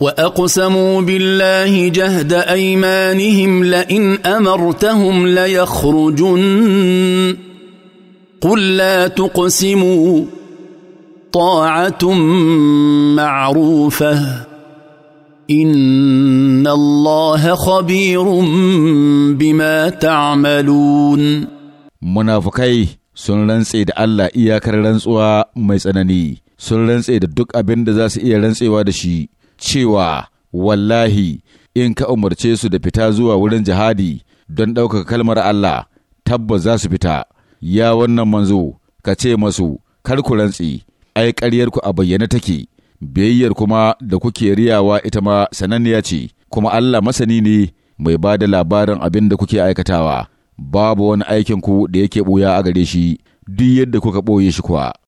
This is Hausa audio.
واقسموا بالله جهد ايمانهم لئن امرتهم ليخرجن قل لا تقسموا طاعه معروفه ان الله خبير بما تعملون منافقي سن rantse الله إياك iyakar rantsuwa mai tsanani sun أبن دزاس إيا abin da cewa wallahi in ka umarce su da fita zuwa wurin jihadi don ɗaukaka kalmar Allah tabbas za su fita ya wannan manzo ka ce masu kar ku rantsi ai ƙaryarku a bayyane take biyayyar kuma da kuke riyawa ita ma sananniya ce kuma Allah masani ne mai ba da labarin abin da kuke aikatawa babu wani aikinku da yake ɓuya a gare shi duk yadda kuka ɓoye shi kuwa